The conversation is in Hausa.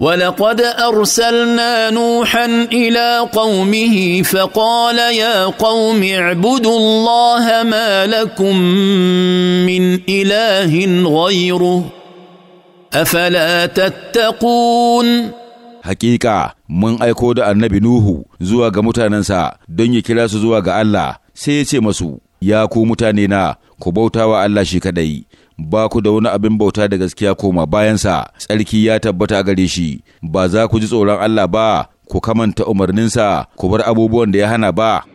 ولقد ارسلنا نوحا الى قومه فقال يا قوم اعبدوا الله ما لكم من اله غيره افلا تتقون hakika mun aiko da annabi Nuhu zuwa ga mutanensa don ya kira su zuwa ga Allah sai ya ce masu ya ku mutane na ku bauta wa Allah shi kadai ba ku da wani abin bauta da gaskiya koma bayansa tsarki ya tabbata a gare shi ba za ku ji tsoron Allah ba ku kamanta umarninsa ku bar abubuwan da ya hana ba